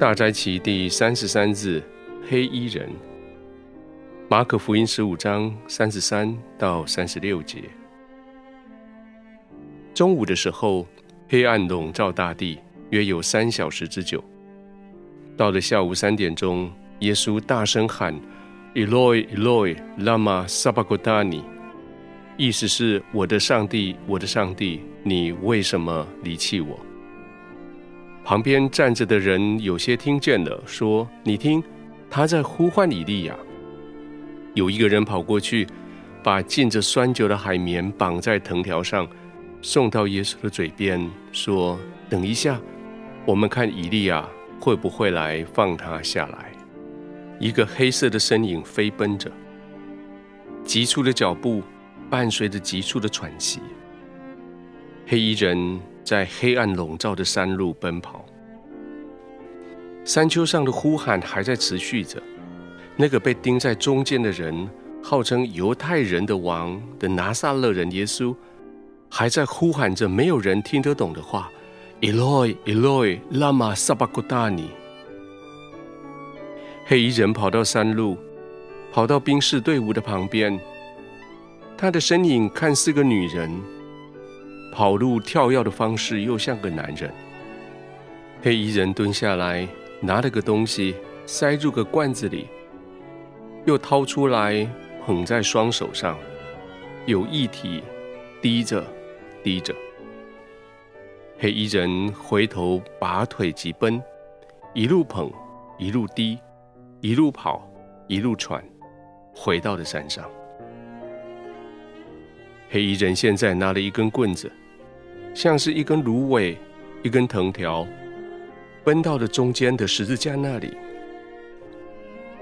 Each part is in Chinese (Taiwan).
大齋期第三十三日，黑衣人。馬可福音十五章三十三到三十六節。中午的時候，黑暗籠罩大地，約有三小時之久。到了下午三點鐘，耶穌大聲喊：“Eloi, Eloi, lama sabachthani？” 意思是：“我的上帝，我的上帝，你為什麼離棄我？”旁邊站着的人有些聽見了，說：“你聽，他在呼喚以利亞。”有一個人跑過去，把浸着酸酒的海綿綁在藤條上，送到耶穌的嘴邊，說：“等一下，我們看以利亞會不會來放他下來。”一個黑色的身影飛奔着，急促的腳步伴隨着急促的喘息。黑衣人。在黑暗籠罩的山路奔跑，山丘上的呼喊還在持續着。那個被釘在中間的人，號稱猶太人的王的拿撒勒人耶穌，還在呼喊着沒有人聽得懂的話：“Eloi, Eloi, Lama sabakudani。”黑衣人跑到山路，跑到兵士隊伍的旁邊，他的身影看似個女人。跑路跳躍的方式又像個男人。黑衣人蹲下來，拿了個東西塞入個罐子裡，又掏出來捧在雙手上，有液體滴着滴着。黑衣人回頭拔腿急奔，一路捧，一路滴，一路跑，一路喘，回到了山上。黑衣人現在拿了一根棍子。像是一根蘆葦，一根藤條，奔到了中間的十字架那裡。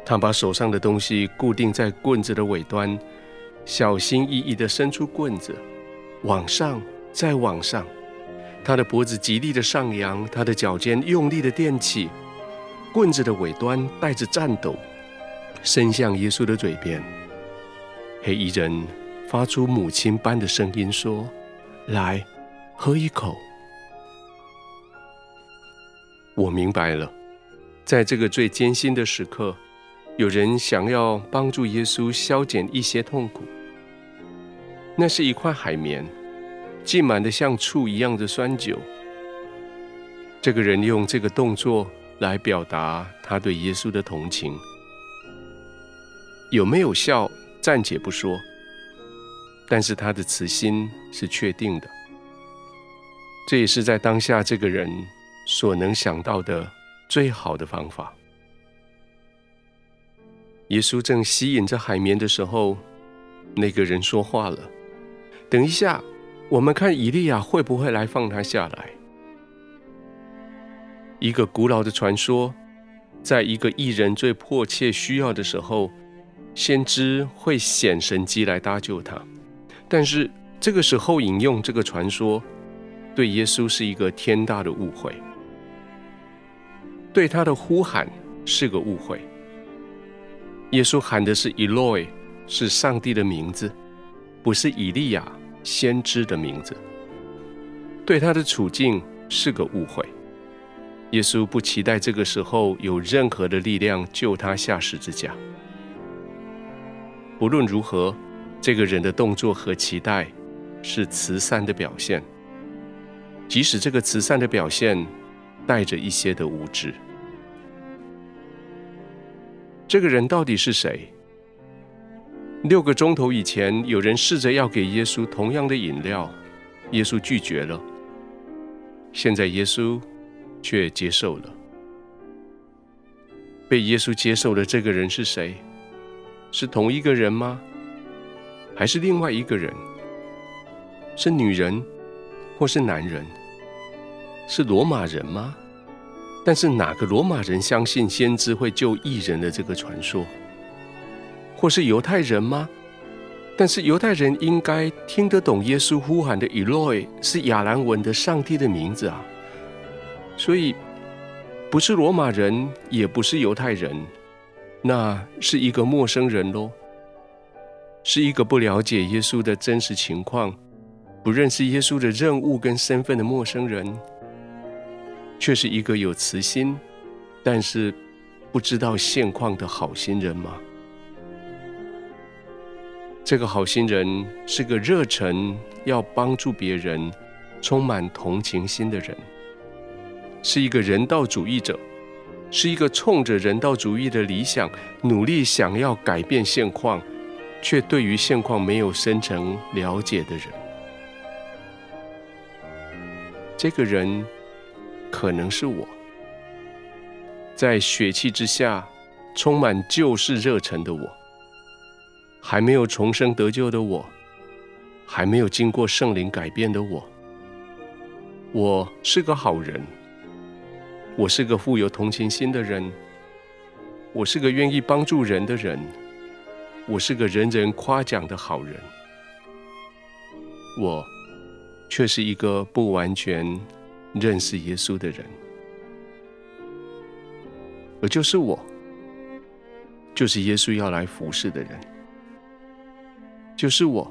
他把手上的東西固定在棍子的尾端，小心翼翼地伸出棍子，往上，再往上。他的脖子極力地上揚，他的腳尖用力地墊起，棍子的尾端帶着顫抖，伸向耶穌的嘴邊。黑衣人發出母親般的聲音說：“來。”喝一口。我明白了，在這個最艱辛的時刻，有人想要幫助耶穌消減一些痛苦。那是一塊海綿，浸滿的像醋一樣的酸酒。這個人用這個動作來表達他對耶穌的同情。有沒有效，暫且不說，但是他的慈心是確定的。這也是在當下這個人所能想到的最好的方法。耶穌正吸飲着海綿的時候，那個人說話了：“等一下，我們看以利亞會不會來放他下來。”一個古老的傳說，在一個義人最迫切需要的時候，先知會顯神蹟來搭救他。但是這個時候引用這個傳說。對耶穌是一個天大的誤會，對他的呼喊是個誤會。耶穌喊的是“以羅伊”，是上帝的名字，不是以利亞先知的名字。對他的處境是個誤會。耶穌不期待這個時候有任何的力量救他下十字架。不論如何，這個人的動作和期待是慈善的表現。即使這個慈善的表現帶着一些的無知，這個人到底是誰？六個鐘頭以前，有人試着要給耶穌同樣的飲料，耶穌拒絕了。現在耶穌卻接受了。被耶穌接受的這個人是誰？是同一個人嗎？還是另外一個人？是女人，或是男人？是羅馬人嗎？但是哪個羅馬人相信先知會救義人的這個傳說？或是猶太人嗎？但是猶太人應該聽得懂耶穌呼喊的「以羅伊」，是亞蘭文的上帝的名字啊！所以不是羅馬人，也不是猶太人，那是一個陌生人嘍，是一個不了解耶穌的真實情況、不認識耶穌的任務跟身份的陌生人。卻是一個有慈心，但是不知道現況的好心人嗎？這個好心人是個熱忱，要幫助別人、充滿同情心的人，是一個人道主義者，是一個衝着人道主義的理想努力想要改變現況，卻對於現況沒有深層了解的人。這個人。可能是我，在血氣之下充滿救世熱忱的我，還沒有重生得救的我，還沒有經過聖靈改變的我，我是個好人，我是個富有同情心的人，我是個願意幫助人的人，我是個人人誇獎的好人，我卻是一個不完全認識耶穌的人，我就是我，就是耶穌要來服侍的人，就是我，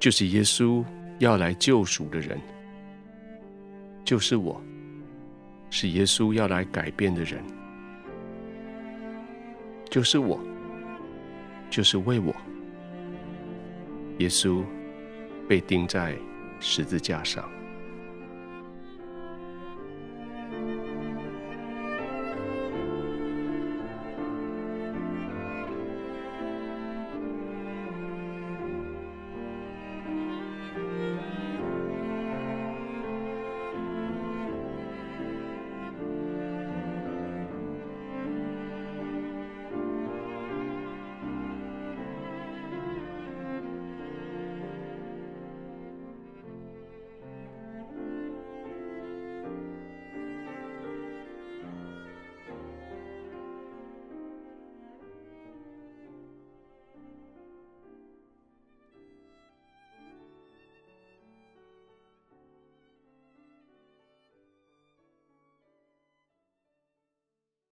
就是耶穌要來救贖的人，就是我，是耶穌要來改變的人，就是我，就是為我，耶穌被釘在十字架上。